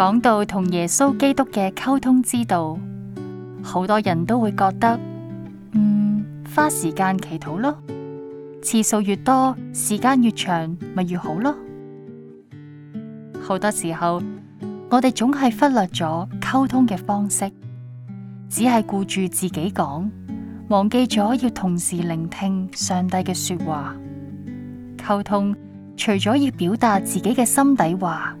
講到同耶穌基督嘅溝通之道，好多人都會覺得，嗯，花時間祈禱咯，次數越多，時間越長，咪越好咯。好多時候，我哋總係忽略咗溝通嘅方式，只係顧住自己講，忘記咗要同時聆聽上帝嘅說話。溝通除咗要表達自己嘅心底話。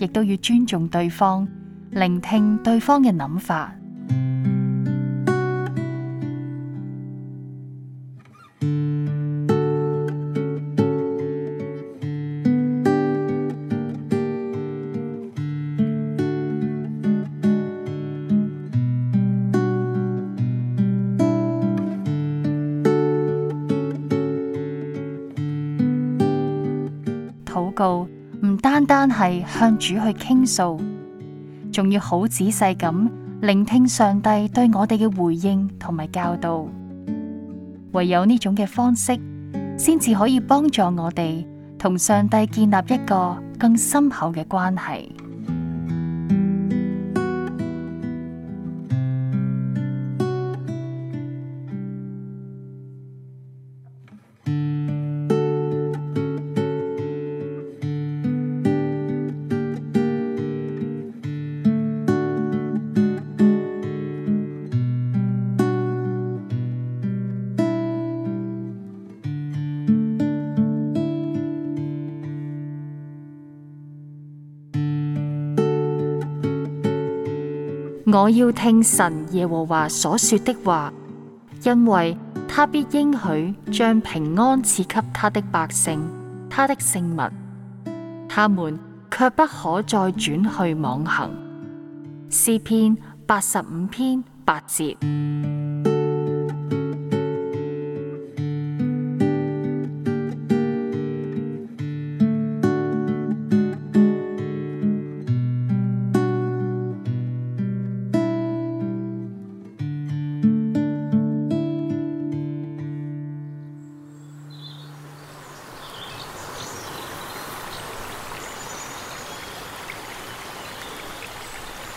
亦都要尊重對方，聆聽對方嘅諗法。禱告。唔單單係向主去傾訴，仲要好仔細咁聆聽上帝對我哋嘅回應同埋教導。唯有呢種嘅方式，先至可以幫助我哋同上帝建立一個更深厚嘅關係。我要聽神耶和華所說的話，因為他必應許將平安賜給他的百姓，他的聖民，他們卻不可再轉去妄行。詩篇八十五篇八節。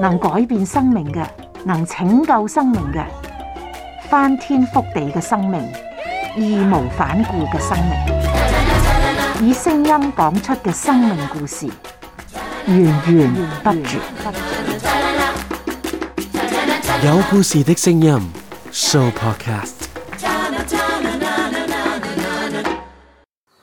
能改變生命嘅，能拯救生命嘅，翻天覆地嘅生命，義無反顧嘅生命，以聲音講出嘅生命故事，源源不絕。有故事的聲音，Show Podcast。